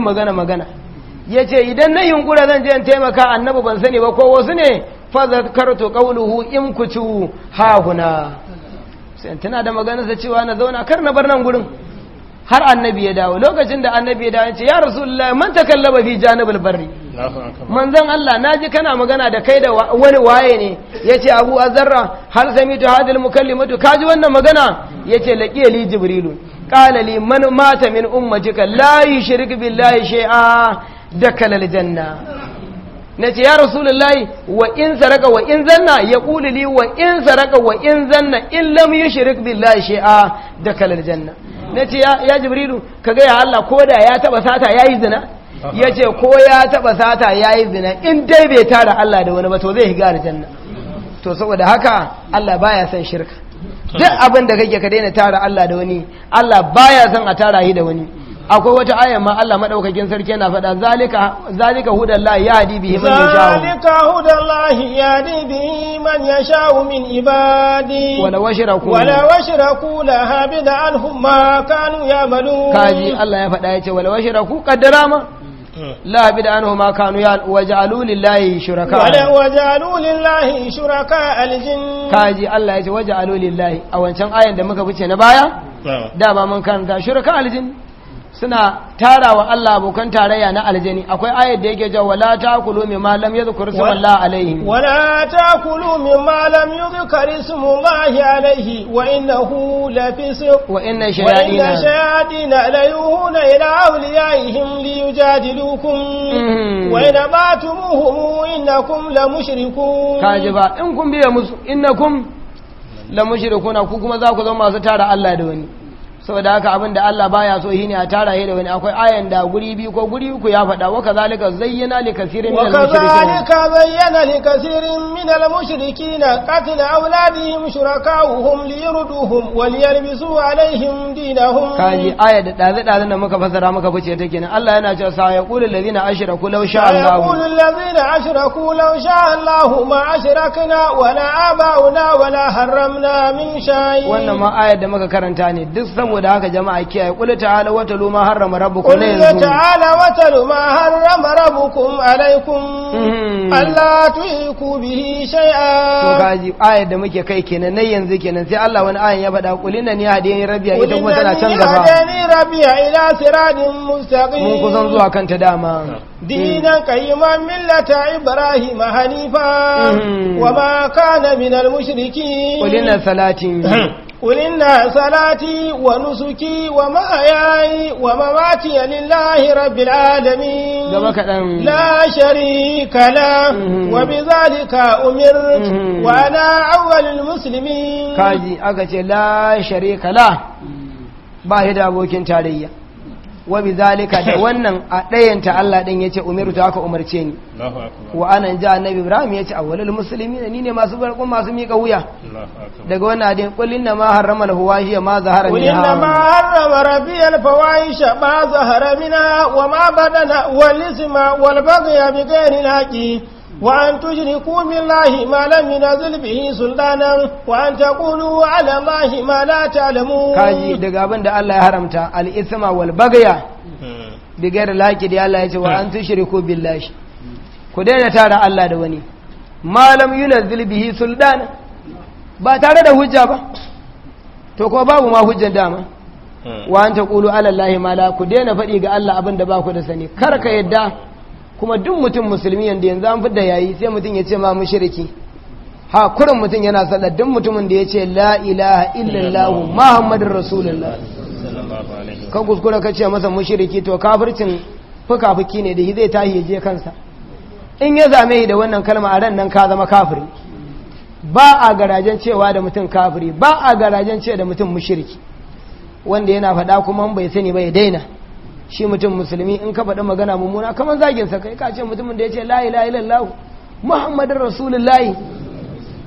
magana magana ya idan na yunkura zan je taimaka annabi ban sani ba ko wasu ne fazarkartu qawluhu in kutu hahuna sai tana da maganarsa cewa na zauna kar na bar nan gurin har annabi ya dawo lokacin da annabi ya dawo ya ce ya rasulullahi man takallaba fi janibul barri manzon Allah naji kana magana da kai da wani waye ne yace Abu Azarra hal samitu hadil mukallimatu kaji wannan magana yace laqiyali jibrilu قال لي من مات من أمتك لا يشرك بالله شيئا dakala الجنة nace ya رسول الله وإن سرق وإن zanna لي وإن سرق وإن saraka إن لم zanna in شيئا yushrik الجنة shay'a يا جبريل nace يا الله jibrilu يا gaya Allah koda ya sata zina yace ko ya taba sata yayi zina in dai bai tara Allah da wani ba to zai higa aljanna to saboda haka Allah baya son shirka duk abin da kake ka daina tara Allah da wani Allah baya son a tara shi da wani akwai wata ayan ma Allah madaukakin sarki yana faɗa zalika zalika hudallahi yahdi bihi man yasha zalika hudallahi yahdi bihi man yasha min ibadi wala washraku wala washraku la habida anhum ma kanu ya'malun kaji Allah ya faɗa yace wala washraku qaddara ma لا بد أنهما كانوا وجعلوا لله شركاء وجعلوا لله شركاء الجن كاجي الله يجي وجعلوا لله أولا شان آية دمك بيتنا بايا دابا من كان شركاء الجن suna tarawa Allah abokan tarayya na aljani akwai ayat da yake cewa wala takulu mimma lam yadhkur allah alayhi wala takulu mimma lam ismu Allah alayhi wa innahu lafisq wa inna shayatin wa inna shayatin la yuhuna ila awliyaihim yujadilukum mm-hmm. wa in batumuhum innakum la mushrikun kajiba in kun biya musu innakum la mushrikuna ku kuma za ku zama masu tara Allah da wani Sau da haka abinda da Allah baya so shine a tara shi da wani akwai ayan da guri biyu ko guri uku ya faɗa wa kazalika zayyana li kasirin min al-mushrikin wa kazalika zayyana li kasirin min al-mushrikin qatl awladihim shurakauhum li yurduhum wa liyalbisu alaihim dinahum kaji aya da dazu dazu da muka fasara muka fice ta kenan Allah yana cewa sa yaqulu allazina ashraku law sha Allah yaqulu allazina ashraku law sha Allah ma ashrakna wala abauna wala harramna min shay wannan ma ayar da muka karanta ne duk saboda saboda haka jama'a kiyaye qul ta'ala wa talu ma harrama rabbukum qul ta'ala wa talu ma harrama rabbukum alaykum hmm. Allah tuiku bihi shay'a to gaji ayar da muke kai kenan nan yanzu kenan sai Allah wani ayan ya bada qul inna ni hadiyani rabbiya ita kuma tana can gaba ni rabbiya ila siratin mustaqim mun kusan zuwa kanta dama hmm. Hmm. dinan qayyiman millata ibrahim hanifa wa ma kana minal mushrikin qul inna salati قل إن صلاتي ونسكي ومحياي ومماتي لله رب العالمين لا شريك له وبذلك أمرت وأنا أول المسلمين كاجي أكتي لا شريك له باهي دابوكين تاريخ wa bi zalika da wannan a ɗayanta Allah ɗin yace umiru ta aka umarce ni wa anan ja annabi ibrahim yace awwalul muslimin ni ne masu barko masu mika wuya daga wannan adin kullin na ma harrama al huwahiya ma zahara minha qul ma harrama rabbi al ma zahara minha wa ma badana wal isma wal baghya bi ghairi al haqi وأن تشركوا بالله ما لم ينزل به سلطانا وأن تقولوا على الله ما لا تعلمون كاجي daga abin da Allah ya haramta al-ithma wal bagya bigayar Allah ya ce wa an tushriku ku daina tara Allah da wani malam yunzil bihi sultan ba tare da hujja ba to ko babu ma hujjar dama wa an taqulu ala allahi ku daina faɗi ga Allah abin da ba da sani kar ka yadda kuma duk mutum musulmi yanda yanzu an fidda yayi sai mutum ya ce ma mushriki ha kurin mutum yana sallah duk mutumin da ya ce la ilaha illallah muhammadur rasulullah kan kuskura ka ce masa mushiriki to kafircin fuka-fuki ne da shi zai tahi ya je kansa in ya zame da wannan kalma a ran nan ka zama kafiri ba a garajen cewa da mutum kafiri ba a garajen ce da mutum mushriki wanda yana faɗa kuma bai sani ba ya daina shi mutum musulmi in ka faɗi magana mummuna kamar zagin sa kai ka ce mutumin da ya ce la ilaha illallah muhammadur rasulullahi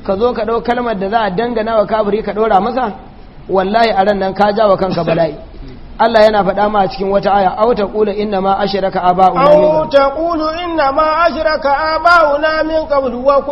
ka zo ka ɗau kalmar da za a dangana wa kafiri ka ɗora masa wallahi a ran nan ka ja kanka bala'i Allah yana faɗa ma a cikin wata aya aw ƙulu inna ma ashraka aba'una min aw ƙulu inna ma ashraka aba'una min qabl wa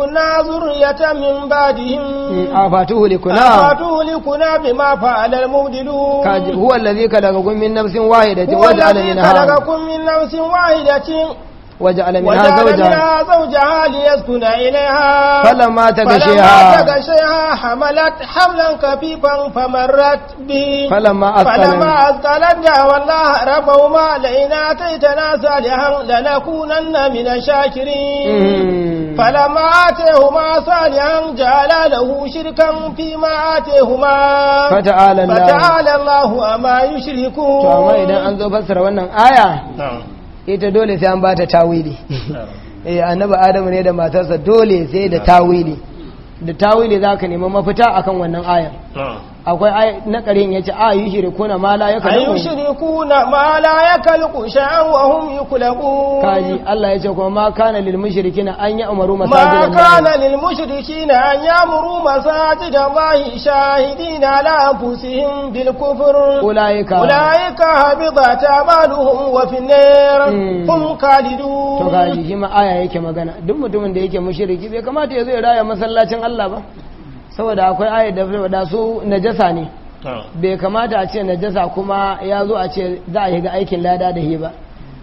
ya ta min ba'dihim eh, afatuhu likuna afatuhu likuna bima fa'ala al-mubdilun kaji huwa daga khalaqakum min nafsin wahidatin wa ja'ala minha huwa alladhi khalaqakum min nafsin وجعل منها زوجها زوجها ليسكن إليها فلما تغشيها فلما تغشيها حملت حملا خفيفا فمرت به فلما أثقلن فلما أثقلن والله ربهما لئن آتيتنا صالحا لنكونن من الشاكرين فلما آتيهما صالحا جعل له شركا فيما آتيهما فتعالى الله فتعالى الله أما يشركون فما إذا أنزل فسر wannan aya ita dole sai an bata tawili eh annabi adamu ne da matarsa dole sai da tawili da tawili zaka nemi mafita akan wannan ayar ah. akwai na ƙarin ya ce a yi shiriku na mala ya kalku a shiriku na mala ya kalku sha'awahun yi kulaku kaji Allah ya ce kuma ma kana lil mushrikina na an ya umaru masajidan ma kana lil mushrikina an ya muru masajidan mahi shahidi na lafusihim bil kufur ulaika ulaika habida ta maluhum wa finnar hmm. hum kalidu to kaji shi ma aya yake magana duk mutumin da yake mushriki bai kamata ya zo ya raya masallacin Allah ba saboda akwai ayat da faɗa su najasa ne bai kamata a ce najasa kuma ya zo a ce za a shiga aikin lada da hiba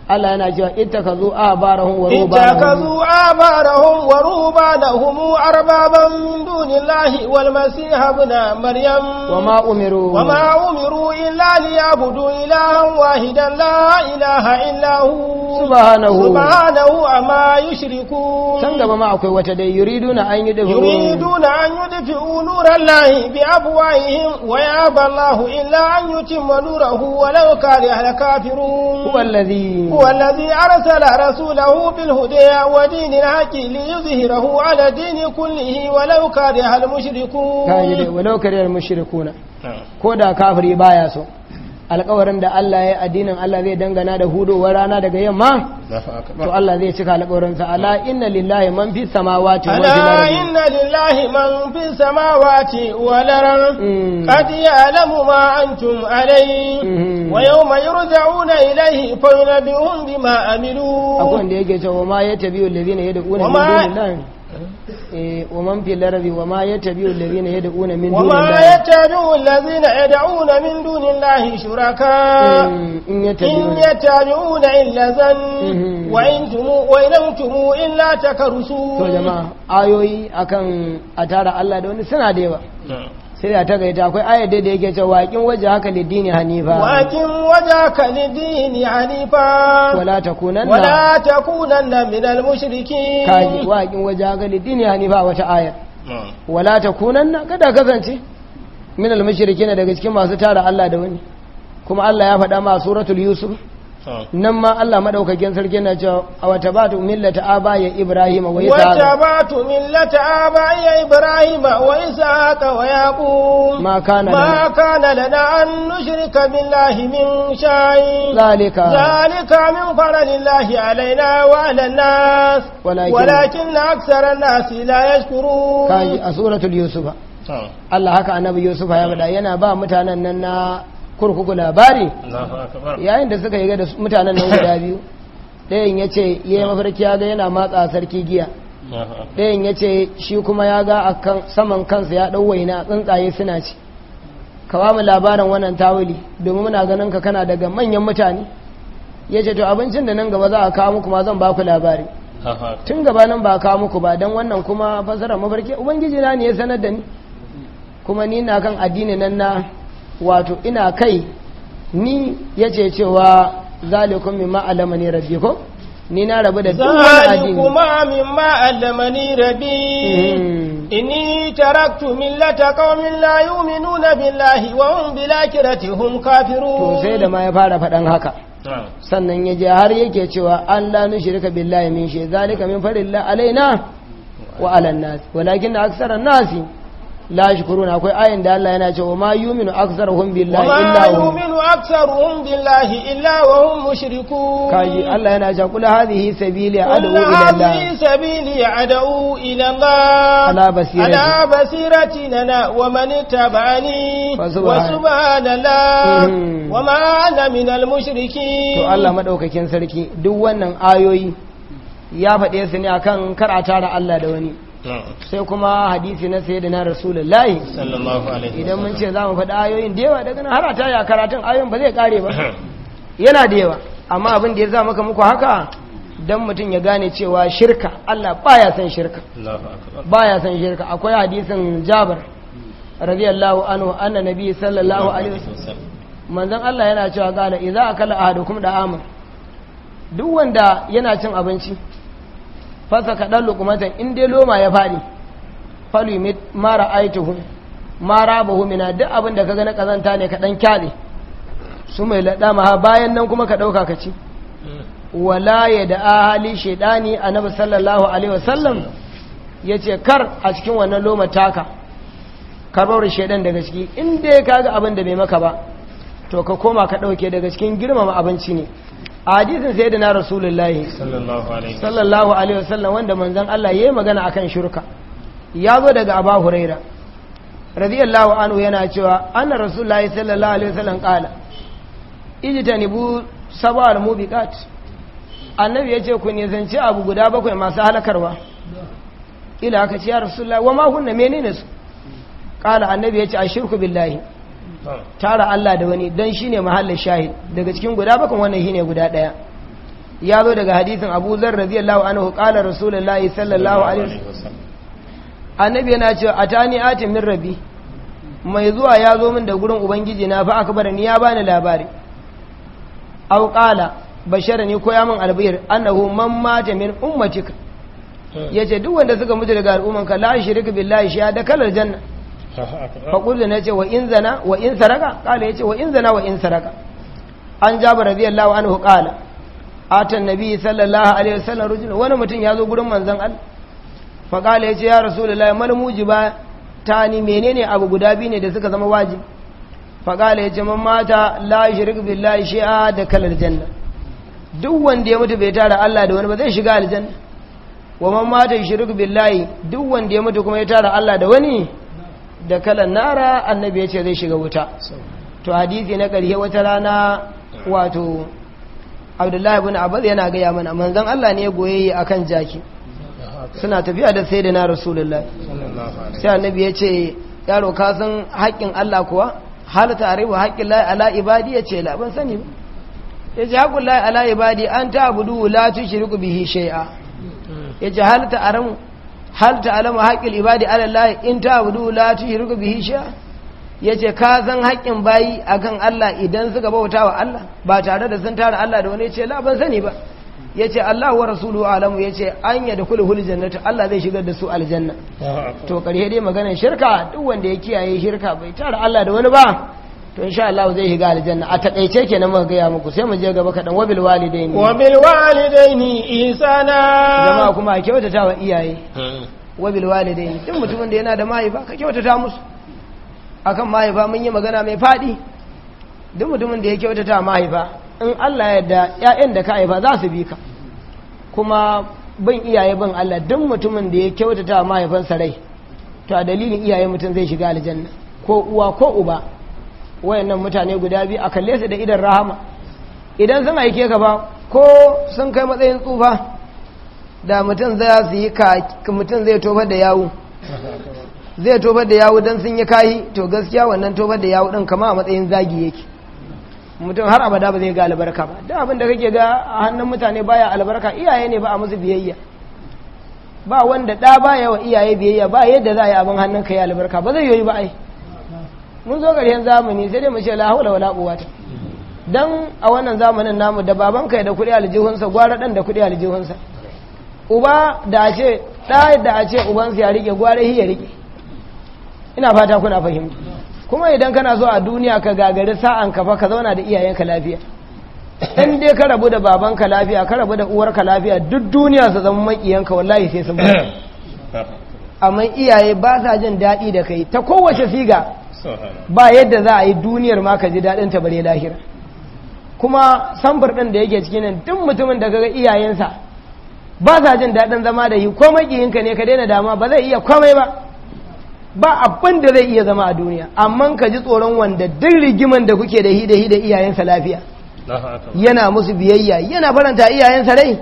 Allah yana cewa Ita abarahum wa rubanahum ittakazu ba wa rubanahum arbaban lahi wal masih ibn maryam ma umiru ma umiru illa liyabudu ilahan wahidan la ilaha illa subhanahu subhanahu amma yushrikun san gaba ma akwai wata dai yuriduna an yudfi yuriduna an yudfi nurallahi bi afwahihim wa yaba Allahu illa an yutimma nurahu walau kariha al-kafirun huwa alladhi huwa alladhi arsala rasulahu bil huda wa dinil haqqi liyuzhirahu ala dini kullihi walau kariha al-mushrikun walau kariha al-mushrikun ko da kafiri baya so alkawarin da Allah ya addinin Allah zai dangana da hudowar rana daga yamma to Allah zai cika alkawarin sa ala inna lillahi man fi samawati wa ala inna lillahi man fi samawati wa al-ard mm. qad ya'lamu ma antum alayhi mm-hmm. wa yawma yurja'una ilayhi fa yunabbi'uhum bima amilu akwai wanda yake cewa ma yatabi'u alladhina yad'una min dunillahi ومن في الأرض وما يتبع الذين يدعون من دون الله وما يتبع الذين يدعون من دون الله شركاء إن يتبعون إلا ذن وإن أنتم إلا تكرسون to jama'a ayoyi akan a tara Allah da wani suna sai ta gaita akwai ayat da yake cewa waƙin waje haka dini hanifa waƙin waje haka dini hanifa wala takunan wala takunan na minal mushriki kaji waƙin waje haka dini hanifa wata ayar hmm. wala kunan na kada kasance minal mushriki na daga cikin masu tara Allah da wani kuma Allah ya faɗa ma suratul yusuf nan ma Allah madaukakin sarki na cewa wa tabatu millata abaya ibrahima wa isa wa tabatu millata abaya ibrahima wa isa wa yaqub ma kana ma kana lana an nushrika billahi min shay zalika zalika min fadlillahi alaina wa ala nas walakin aktsara an-nas la yashkurun kai a suratul yusufa Allah haka annabi Yusuf ya bada yana ba mutanen nan na kurkuku labari yayin da suka yi ga mutanen nan guda biyu ɗayan ya ce ya yi mafarki ya ga yana matsa sarki giya ɗayan ya ce shi kuma ya ga a saman kansa ya ɗau waina tsuntsaye suna ci ka mu labarin wannan tawuli domin muna ganin ka kana daga manyan mutane ya ce to abincin da nan gaba za a kawo muku ma zan ba ku labari tun gaba nan ba kawo muku ba don wannan kuma fasara mafarki ubangiji na ne ya sanar da ni kuma ni na kan addini nan na wato ina kai ni ya ce cewa zalikun mimma alamani rabi ko ni na rabu da duk wani addini zalikuma mimma alamani rabbi hmm. inni taraktu millata qaumin la yu'minuna billahi wa hum bil akhirati hum kafirun to sai da ma ya fara fadan haka sannan ya je har yake cewa an la nushrika billahi min shay zalika min fadlillah alaina wa ala an-nas walakin aksara nasi لا يشكرون اكو ayin da Allah yana cewa ma يؤمن اكثرهم بالله الا hum يؤمن اكثرهم بالله الا wa مشركون كاي الله Allah yana cewa هذه hadhihi ادعو الى الله هذه kul ادعو الى الله انا بصيرتي ala basirati ala basirati تبعني wa الله وما انا من wa ma ana minal mushrikin to Allah sarki duk wannan ayoyi ya fade su ne akan kar a Allah da wani sai kuma hadisi na sai da na layi idan mun ce za mu faɗi ayoyin da yawa daga nan har a taya karatun ayoyin ba zai kare ba yana da yawa amma abin da ya za maka muku haka don mutum ya gane cewa shirka Allah baya san shirka baya san shirka akwai hadisin jabar radiyallahu anhu anna nabi sallallahu alaihi wasallam manzon Allah yana cewa gala idza akala ahadukum da amr duk wanda yana cin abinci fasa kaɗan lukumatan in dai loma ya faɗi falu mara aitihu mara bahu mina duk abin da ka gani kazanta ne kaɗan kyale su mai laɗa ma bayan nan kuma ka ɗauka ka ci wala ya da ahali shaidani annabi sallallahu alaihi wasallam ya ce kar a cikin wannan loma taka karbar shaidan daga ciki in dai kaga abin da bai maka ba to ka koma ka ɗauke daga cikin girmama abinci ne a sai da na rasulullahi sallallahu alaihi wasallam wanda manzan Allah ya yi magana a kan shirka ya zo daga aba huraira radiyallahu anhu yana cewa anna rasulullahi sallallahu alaihi wasallam kala Iji ta ijtanibu sab'al mubiqat annabi yace ku nisanci abu guda bakwai masu halakarwa ila aka ce ya rasulullahi wa ma hunna menene su kala annabi yace shirku billahi tara Allah da wani don shine mahallin shahid daga cikin guda bakan wannan shine guda daya ya zo daga hadisin Abu Zar radiyallahu anhu qala rasulullahi sallallahu alaihi wasallam annabi yana cewa atani atin min rabbi mai zuwa ya zo min da gurin ubangiji na fa akbar ni ya bani labari aw qala bashara ni koya min albir annahu man mata min ummatika hmm. yace duk wanda suka mutu daga al'ummanka la shirka billahi shi ya da kalar janna faƙultu na ce wa in zana wa in saraka ƙala ya ce wa in zana wa in saraka an jaba radiyallahu anhu ƙala atan nabi sallallahu alaihi wasallam rujul wani mutum ya zo gurin رسول الله fa ya ce ya قدابيني mal mujiba واجب menene abu guda biyu ne da suka zama دكال الجنة ya ce mata duk wanda ya mutu bai tara Allah da wani ba zai shiga aljanna wa man mata shirik billahi duk wanda ya mutu kuma ya tara Allah da wani da kalan nara annabi ya ce zai shiga wuta to hadisi na ƙarshe wata rana wato abdullahi bin abbas yana gaya mana manzon Allah ne ya goye kan jaki suna tafiya da sai da na rasulullah sai annabi ya ce yaro ka san haƙƙin Allah kuwa halata aribu haƙƙin la'i ala ibadi ya ce la ban sani ba ya ce haƙƙin lahi ala ibadi an ta abudu la tushriku bihi shay'a ya ce halata aramu hal ta'lamu haƙƙin ibadi ala in ta ta'budu la tushriku bihi ya yace ka san haƙƙin bayi akan Allah idan suka bauta wa Allah ba tare da sun tara Allah da wani ce la ban sani ba yace Allah wa rasuluhu alamu yace an ya dakulu hul jannatu Allah zai shigar da su aljanna to ƙarshe dai maganar shirka duk wanda ya kiyaye shirka bai tara Allah da wani ba to insha Allah zai shiga aljanna a takaice kenan muka ya muku sai mu je gaba kaɗan wabil walidaini wabil walidaini isana jama'a kuma a kyautata hmm. wa iyaye wabil walidaini duk mutumin da yana da mahaifa ka kyautata musu akan mahaifa mun yi magana mai faɗi duk mutumin da ya kyautata mahaifa in Allah ya da ƴaƴan da ka haifa za su bi ka kuma bin iyaye bin Allah duk mutumin da ya kyautata mahaifansa rai to a dalilin iyaye mutum zai shiga aljanna ko uwa ko uba wayannan mutane guda biyu a kalle su da idan rahama idan sun aike ka ba ko sun kai matsayin tsufa da mutum za su yi mutum zai tobar da yawu zai tobar da yawu don sun yi kayi to gaskiya wannan tobar da yawu din kama a matsayin zagi yake mutum har abada ba zai ga albarka ba don abin da kake ga a hannun mutane baya albarka iyaye ne ba a musu biyayya ba wanda ɗa baya wa iyaye biyayya ba yadda za a yi abin hannun ka yi albarka ba zai yoyi ba ai mun zo ƙarshen zamani sai dai mu ce la haula wala quwwata dan a wannan zamanin namu da baban kai da kuɗi aljihunsa gwara dan da kuɗi aljihunsa uba da a ce da da a ce sa ya rike gwara hi ya rike ina fata kuna fahimta kuma idan kana so a duniya ka gagari sa'an ka fa ka zauna da iyayenka lafiya in dai ka rabu da baban ka lafiya ka rabu da uwar ka lafiya duk duniya su zama makiyanka wallahi sai sun ba amma iyaye ba sa jin daɗi da kai ta kowace siga ba yadda za a yi duniyar ma ka ji daɗin ta bare lahira kuma sambar ɗin da yake cikin duk mutumin da ga iyayensa ba sa jin daɗin zama da yi ko makiyinka ne ka daina dama ba zai iya komai ba ba abin da zai iya zama a duniya amma ka ji tsoron wanda duk rigiman da kuke da hida da iyayensa lafiya yana musu biyayya yana faranta iyayensa rai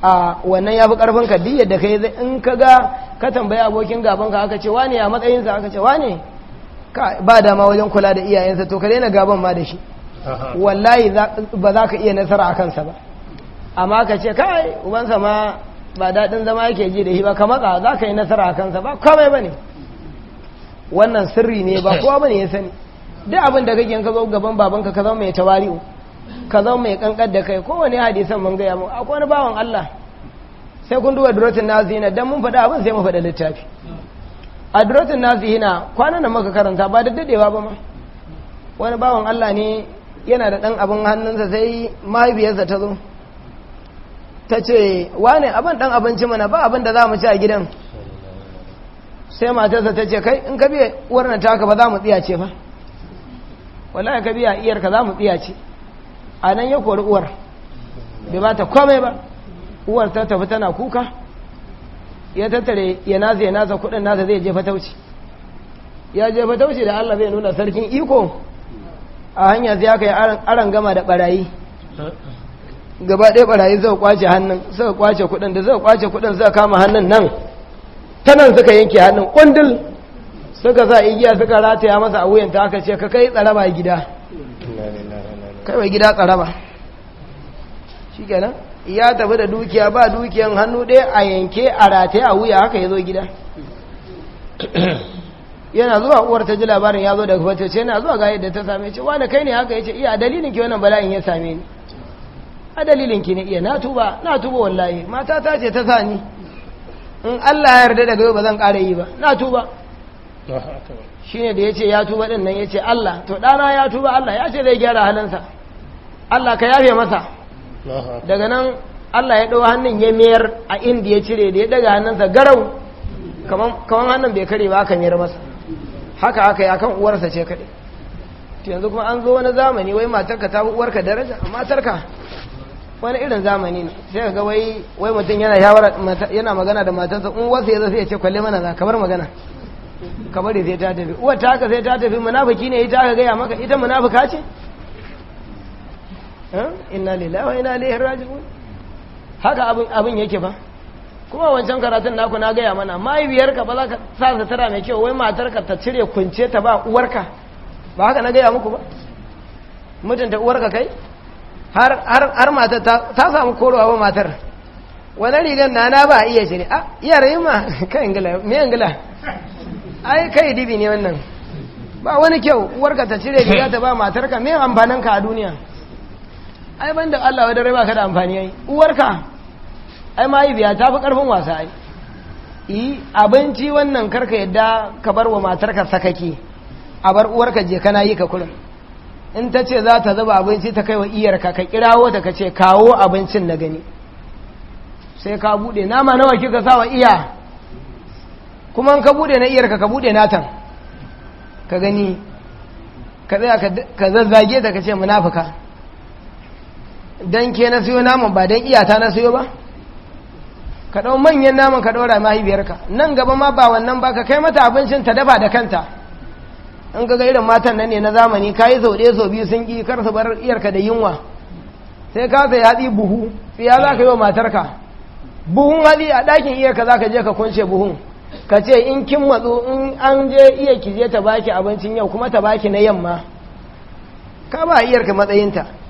a wannan ya fi karfin ka da yadda kai in ka ga ka tambayi abokin gaban ka aka ce wane a matsayinsa aka ce wane ba dama wajen kula da iyayensa to ka daina gaban ma da shi wallahi ba za ka iya nasara a kansa ba amma ka ce kai ubansa ma ba daɗin zama yake ji da shi ba ka matsa za ka yi nasara a kansa ba komai ba ne wannan sirri ne ba kowa ba ne ya sani duk abin da kake ka zo gaban babanka ka zama mai tawari'u ka zama mai kankar da kai kowane hadisan mun gaya mu akwai wani bawan Allah sai kun duba durotin na zina dan mun faɗa abin sai mu faɗa littafi a nasu hina kwanan na muka karanta ba da dadewa ba ma wani bawan Allah ne yana da dan abin hannunsa sai mahaifiyarsa ta zo ta ce wane abin dan abinci mana ba abin da za mu ci a gidan sai matarsa ta ce kai in ka biya uwar na taka ba za mu ce ba wallahi ka biya iyarka za mu ce a nan ya kori uwar bai ba ta komai ba uwar ta tafi tana kuka ya tattare ya nasa ya nasa kudin nasa zai jefa tauci ya jefa tauci da Allah zai nuna sarkin iko a hanya sai aka yi aran gama da barayi gaba ɗaya barayi zai kwace hannun zai kwace kudin da zai kwace kudin zai kama hannun nan ta nan suka yanke hannun kundin suka sa igiya suka rataya masa a wuyanta aka ce ka kai tsaraba gida kai mai gida tsaraba shi kenan ya tafi da dukiya ba dukiyan hannu ɗaya a yanke a rataye a wuya haka ya zo gida yana zuwa uwar ta ji labarin ya zo daga fata ce yana zuwa ga yadda ta same ce wani kai ne haka ya ce iya dalilin wannan bala'in ya same ni a dalilin ki ne iya na tuba na tuba wallahi mata ta ce ta sa ni in Allah ya yarda daga yau ba zan ƙara yi ba na tuba shi ne da ya ce ya tuba ɗin nan ya ce Allah to ɗana ya tuba Allah ya ce zai gyara halinsa Allah ka yafe masa daga nan Allah ya ɗau hannun ya mayar a inda ya cire da ya daga hannunsa garau kaman hannun bai kare ba aka mayar masa haka aka yi akan uwarsa ce kaɗai yanzu kuma an zo wani zamani wai matarka ta uwarka daraja matarka wani irin zamani ne sai ga wai wai mutum yana shawara yana magana da matarsa in wasu ya zafi sai ya ce kwalle mana kamar magana kamar sai ta tafi uwar ta haka sai ta tafi munafiki ne ita aka gaya maka ita munafuka ce Eh? inna lillahi wa inna ilaihi raji'un haka abin abin yake ba kuma wancan karatun naku na gaya mana ka ba za ka sa tara mai kyau wai matarka ta cire kunce ta ba uwar ka ba haka na gaya muku ba mutunta ka kai har matar ta samu korowa ba matar wani rigan na na ba iya ne a iya rayu ma kan ingila me ingila ai kai dibi ne wannan ba wani kyau uwar ka ta cire riga ta ba matarka me amfaninka a duniya ai ban da Allah wa dare ba ka da amfani ai uwarka ai biya ta fi karfin wasa ai yi abinci wannan karka yadda ka bar wa matarka sakaki a bar uwarka je kana yi ka kullum in ta ce za ta zuba abinci ta kai wa iyarka ka kirawo ta ka ce kawo abincin na gani sai ka bude nama nawa kika sa wa iya kuma ka bude na iyarka ka bude natan ka gani ka ka zazzage ta ka ce munafuka don ke na siyo naman ba dan iyata na siyo ba ka ɗau manyan naman ka ɗaura mahaifiyarka nan gaba ma ba wannan ba ka kai mata abincin ta dafa da kanta an ga irin matan nan ne na zamani ka yi sau biyu sun ƙi kar su bar iyarka da yunwa sai ka sai hatsi buhu tsiya za ka yi wa matarka buhun hatsi a dakin iyarka za ka je ka kunce buhun ka ce in kin matsu in an je iya ki je ta baki abincin yau kuma ta baki na yamma ka ba iyarka matsayinta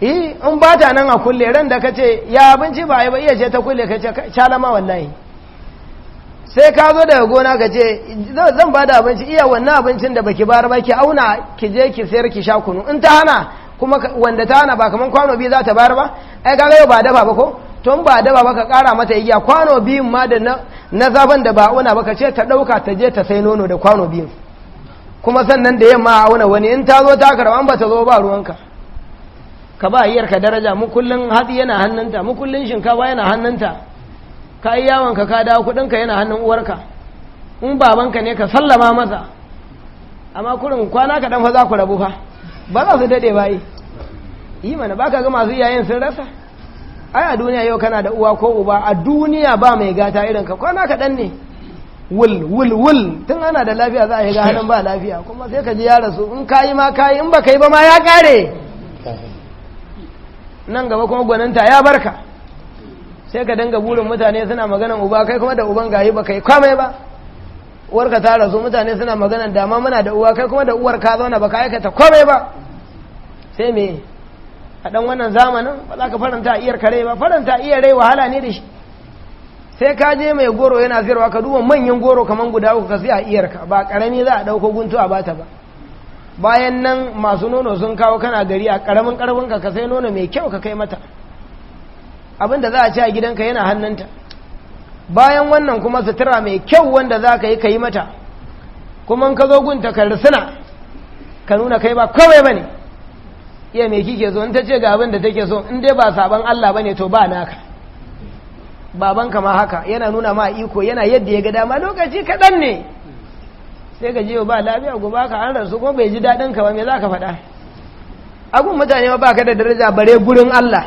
yi eh, in ba ta nan a kulle ran da ka ce ya abinci ba yi ba iya ce ta kulle ka ce shalama wallahi sai ka zo daga gona ka ce zan ba da abinci iya wannan abincin da baki bar ba ki auna ki je ki sayar ki sha kunu in ta hana kuma wanda ta hana ba kaman kwano biyu za ta bayar ba ai ka yau ba dafa ba ko tun ba dafa ba ka kara mata igiya kwano biyun ma da na zaban da ba auna ba ka ce ta dauka ta je ta sai nono da kwano biyun kuma sannan da yamma a auna wani in ta zo ta karban ba ta zo ba ruwanka ka ba ka daraja mu kullun hatsi yana hannunta mu kullun shinkafa yana hannunta ka yi yawon ka ka dawo kudin ka yana hannun uwarka in babanka ne ka sallama masa amma kurin kwana ka dan fa za ku rabu fa ba za su dade bai yi mana baka ga masu iyayen sun rasa ai a duniya yau kana da uwa ko uba a duniya ba mai gata irin ka kwana ka dan ne wul wul wul tun ana da lafiya za a yi ga hannun ba lafiya kuma sai ka ji ya rasu in kayi ma kayi in ba yi ba ma ya kare nan gaba kuma gwaninta ya barka sai ka danga burin mutane suna maganan uba kai kuma da uban gayi ba kai kwamai ba uwar ka ta rasu mutane suna maganan dama muna da uwa kai kuma da uwar ka zauna ba ka aikata kwamai ba sai me a dan wannan zamanin ba za ka faranta iyar kare ba faranta iyar rai wahala ne da shi sai ka je mai goro yana zirwa ka duba manyan goro kaman guda uku ka sai a iyarka ba karami za a dauko guntu a bata ba bayan nan masu nono sun kawo kana gari a karamin karamin ka sai nono mai kyau ka kai mata abin da za a ci a gidanka yana hannunta bayan wannan kuma sutura mai kyau wanda za ka yi ka yi mata kuma ka zo gunta ka risina ka nuna kai ba kawai ba ne iya mai kike zo in ta ce ga abin da take so in dai ba sabon Allah ba ne to ba naka babanka ma haka yana nuna ma iko yana yadda ya ga dama lokaci kaɗan ne sai ka je ba lafiya ba ka an rasu ko bai ji daɗin ka ba me za ka faɗa abin mutane ba ka da daraja bare gurin Allah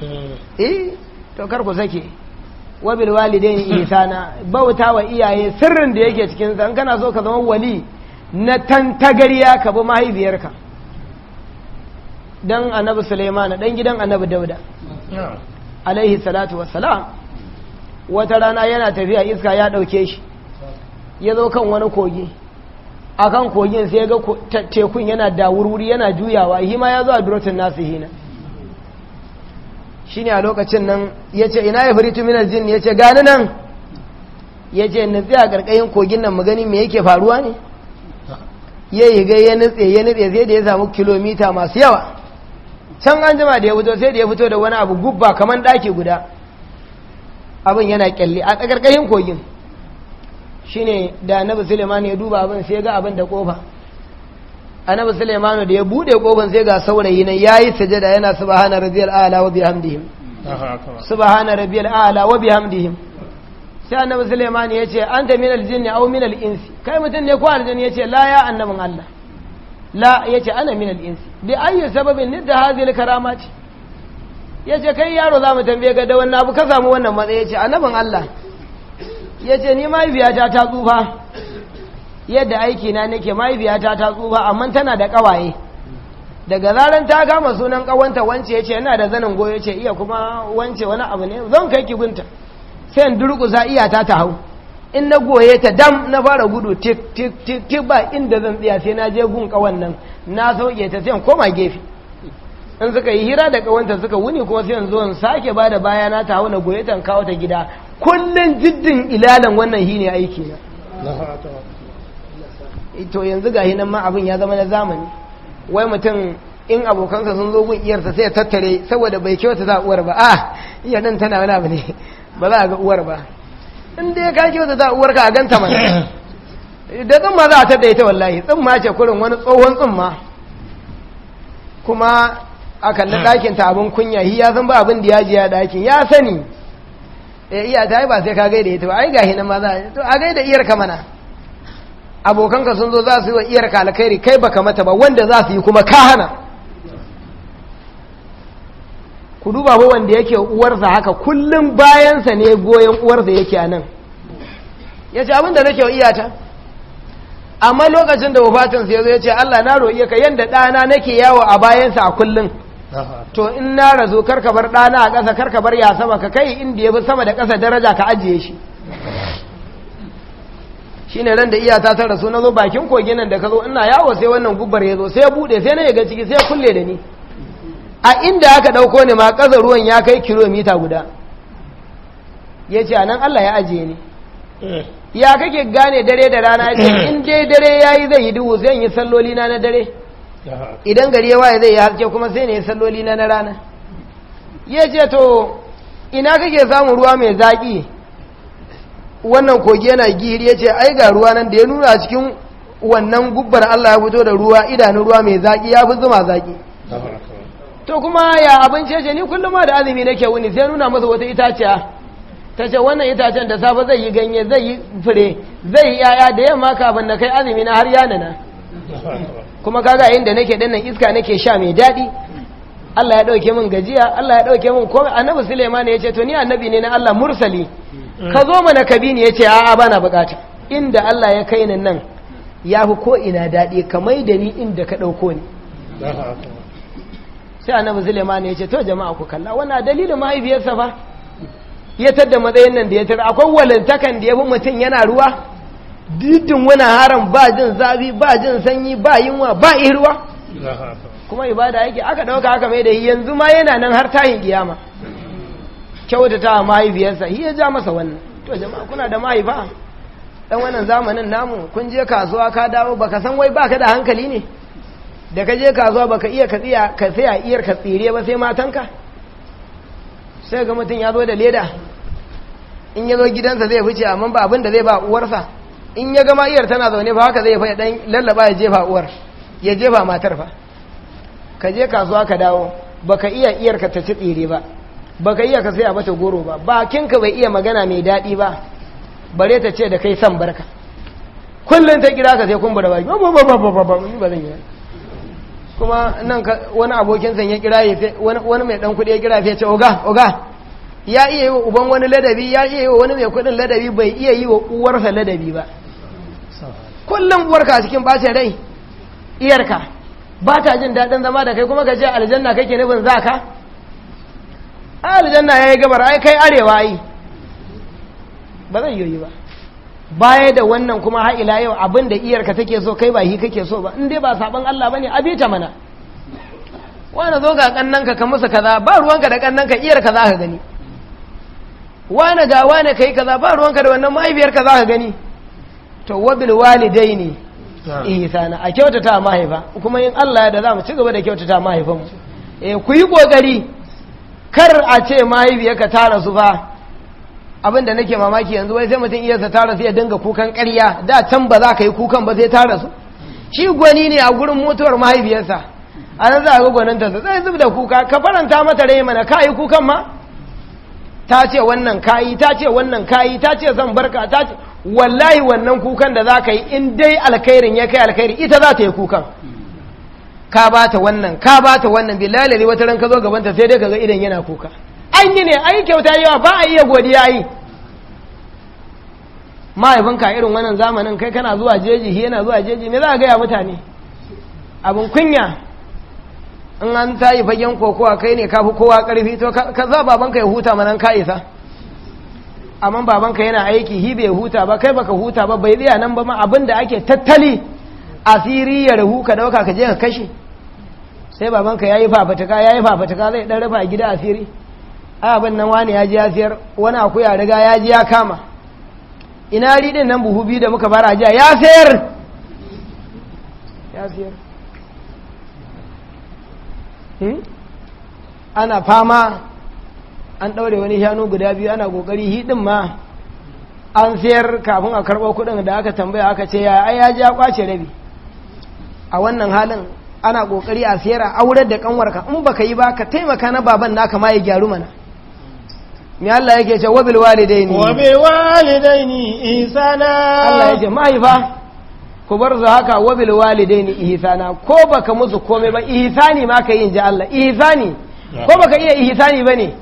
hmm. eh to kar ku sake wabil walidain ihsana bauta wa iyaye sirrin da yake cikin zan kana so ka zama wali na tantagariya ka bi mahaifiyarka dan annabi Sulaiman dan gidan annabi Dauda alaihi salatu wassalam wata rana yana tafiya iska ya dauke shi ya zo kan wani kogi a kan kogin sai ya ga tekun yana da wurwuri yana juyawa shi ma ya zo a durotin nasu hina shi a lokacin nan ya ce ina ya firitu minar jin ya ce gani nan ya ce nutse a ƙarƙayin kogin nan mu gani me yake faruwa ne ya yi ga ya nutse ya nutse sai da ya samu kilomita masu yawa can an jima da ya fito sai da ya fito da wani abu gubba kamar ɗaki guda abin yana kyalli a ƙarƙashin kogin shine da annabi suleiman ya duba abin sai ga abin da kofa annabi suleiman da ya bude kofan sai ga saurayi nan yayi sujada yana subhana rabbiyal a'la wa bihamdihim subhana rabbiyal a'la wa bihamdihim sai annabi suleiman ya ce anta min aljinni aw min al-insi kai mutun ne ko aljinni ya ce la ya annabin allah la ya ce ana min al-insi bi ayyi sababin nidda hadhihi al-karamati ya ce kai yaro za mu tambaye ga da wannan abu ka samu wannan matsayi ya ce annabin allah ya ce ni mahaifiyata ta tsufa yadda aiki na nake mahaifiyata ta tsufa amma tana da kawaye daga zaran ta kama sunan kawanta wance ya ce yana da zanin goyo ce iya kuma wance wani abu ne zan kai ki gunta sai in durƙusa iya ta hau in na goye ta dam na fara gudu tik tik tik tik ba inda zan tsaya sai na je gun kawan nan na sauke ta sai koma gefe in suka yi hira da kawanta suka wuni kuma sai in zo sake ba da baya na ta hau na goye ta kawo ta gida kullum jiddin ilalan wannan shi ne aiki na to yanzu ga hinan ma abin ya zama na zamani wai mutum in abokansa sun zo gun iyarsa sai ya tattare saboda bai kyauta za uwar ba ah iya nan tana wani abu ne ba za a ga uwar ba in dai ka kyauta za uwar ka a ganta mana da ma za a tada ita wallahi ma ce kurin wani tsohon ma kuma a kalli dakin ta abin kunya shi ya san ba abin da ya ji ya dakin ya sani Eh, iya ta ba sai ka gaida ita ba ai gashi nan ma za a to a gaida iyar ka mana abokanka sun zo za su yi wa iyar ka alkhairi kai baka mata ba wanda za su yi kuma ka hana ku duba ba wanda yake uwarsa haka kullum bayansa ne goyon uwarsa yake a nan ya ce abinda nake wa iyata amma lokacin da wafatinsa ya zo ya ce allah na roƙe ka yanda ɗana nake yawo a bayansa a kullum to in na rasu karka bar ɗana a ƙasa karka bar ya sama ka kai inda ya bi sama da kasa daraja ka ajiye shi shi ne ran da iyata ta rasu na zo bakin kogin nan da ka zo ina yawo sai wannan gubbar ya zo sai ya buɗe sai na yaga ciki sai ya kulle da ni a inda aka ɗauko ni ma ƙasa ruwan ya kai kilomita guda ya ce a allah ya ajiye ni eh. ya kake gane dare da rana ya ce in dai dare ya yi zai yi duhu zai yi salloli na na dare idan gari ya waye zai yi haske kuma sai ne salloli na na rana ya ce to ina kake samun ruwa mai zaƙi wannan kogi yana giri ya ce ai ga ruwa nan da ya nuna a cikin wannan gubbar Allah ya fito da ruwa idanun ruwa mai zaƙi ya fi zuma zaƙi to kuma ya abinci ce ni kullum da azumi nake wuni sai nuna masa wata itaciya ta ce wannan itacen da safe zai yi ganye zai yi fure zai yi 'ya'ya da yamma kafin na kai azumi na har yana na kuma kaga inda nake dinnan iska nake sha mai daɗi Allah ya ɗauke min gajiya Allah ya ɗauke min komai annabi Sulaiman ya ce to ni annabi ne na Allah mursali ka zo mana ka bi ni ya ce a'a bana bukata inda Allah ya kai ni nan ya fi ko ina daɗi ka mai da ni inda ka ɗauko ni sai annabi Sulaiman ya ce to jama'a ku kalla wannan dalilin mahaifiyarsa fa ya tadda matsayin nan da ya tada akwai walantakan da ya fi mutum yana ruwa didin wani haram ba jin zabi ba jin sanyi ba yunwa ba irwa kuma ibada yake aka dauka aka mai da yanzu ma yana nan har tahin kiyama kyautata mahaifiyarsa ya ja masa wannan to jama'a kuna da mahaifa dan wannan zamanin namu kun je kasuwa ka dawo baka san wai baka da hankali ne da ka je kasuwa baka iya ka tsiya ka tsaya iyar ka tsire ba sai matanka sai ga mutum ya zo da leda in ya zo gidansa zai fice amma ba abin da zai ba uwarsa in ya gama iyar tana zaune ba haka zai fa dan lallaba ya jefa uwar ya jefa matar fa ka je kasuwa ka dawo baka iya iyar ka ta ci tsire ba baka iya ka saya bata goro ba bakin ka bai iya magana mai daɗi ba bare ta ce da kai san barka kullum ta kira ka sai kumbura baki ba ba ba ba ba ni ba zan yi kuma nan ka wani abokin san ya kira wani mai dan kudi ya kira sai ce oga oga ya iya yi wa uban wani ladabi ya iya yi wa wani mai kudin ladabi bai iya yi wa uwarsa ladabi ba kullum uwarka a cikin bacin rai iyarka ba ta jin daɗin zama da kai kuma ka ce aljanna kake nufin za ka aljanna ya yi gabar ai kai arewa yi ba zai yoyi ba baya da wannan kuma ha'ila yau abin da iyarka take so kai ba hi kake so ba in dai ba sabon Allah bane abita mana wani zo ga kannanka ka musu kaza ba ruwanka da kannanka iyarka za ka gani wani ga wani kai kaza ba ruwanka da wannan mahaifiyarka za ka gani to wabil walidai ne ihsana a kyautata mahaifa kuma in Allah da zamu mu ci gaba da kyautata mahaifanmu eh ku yi kokari kar a ce mahaifiyarka ta rasu fa abinda nake mamaki yanzu wai sai mutum iya sa tara su ya dinga kukan ƙarya da can ba za ka yi kukan ba sai tara su shi gwani ne a gurin mutuwar mahaifiyarsa a nan za a ga ta sai zub da kuka ka faranta mata rai mana ka yi kukan ma ta ce wannan kayi ta ce wannan kayi ta ce zan barka ta ce wallahi wannan kukan da za ka yi in dai alkhairin ya kai alkhairi ita za ta yi kukan ka ba ta wannan ka ba ta wannan lalari wata ran ka zo gabanta sai dai kaga idan yana kuka an yi ne an yi kyauta yawa ba a iya godiya yi mahaifinka irin wannan zamanin kai kana zuwa jeji yana zuwa jeji me za a gaya mutane abin kunya in an ta yi fagen kokowa kai ne kafi kowa karfi to ka za babanka ya huta manan ka isa amma babanka yana aiki hi bai huta ba kai baka huta ba bai tsaya nan ba ma abin da ake tattali asiri ya rahu ka dauka ka je ka kashe sai babanka yayi fafataka yayi fafataka zai dan rufa gida asiri a abin nan wani ya ji ya siyar wani akuya riga ya ji ya kama ina ridin nan buhu biyu da muka fara ajiya ya siyar ya siyar hmm? ana fama an ɗaure wani shanu guda biyu ana ƙoƙari hidin ma an sayar kafin a karɓo kuɗin da aka tambaya aka ce ya ya ji ya ƙwace rabi a wannan halin ana ƙoƙari a sayar a aurar da ƙanwarka in baka yi ba ka taimaka na baban naka ma ya gyaru mana me Allah yake ce wabil walidaini wabil walidaini ihsana Allah yake mahaifa ku bar su haka wabil walidaini ihsana ko baka musu komai ba ihsani ma ka yi ji Allah ihsani ko baka iya ihsani bane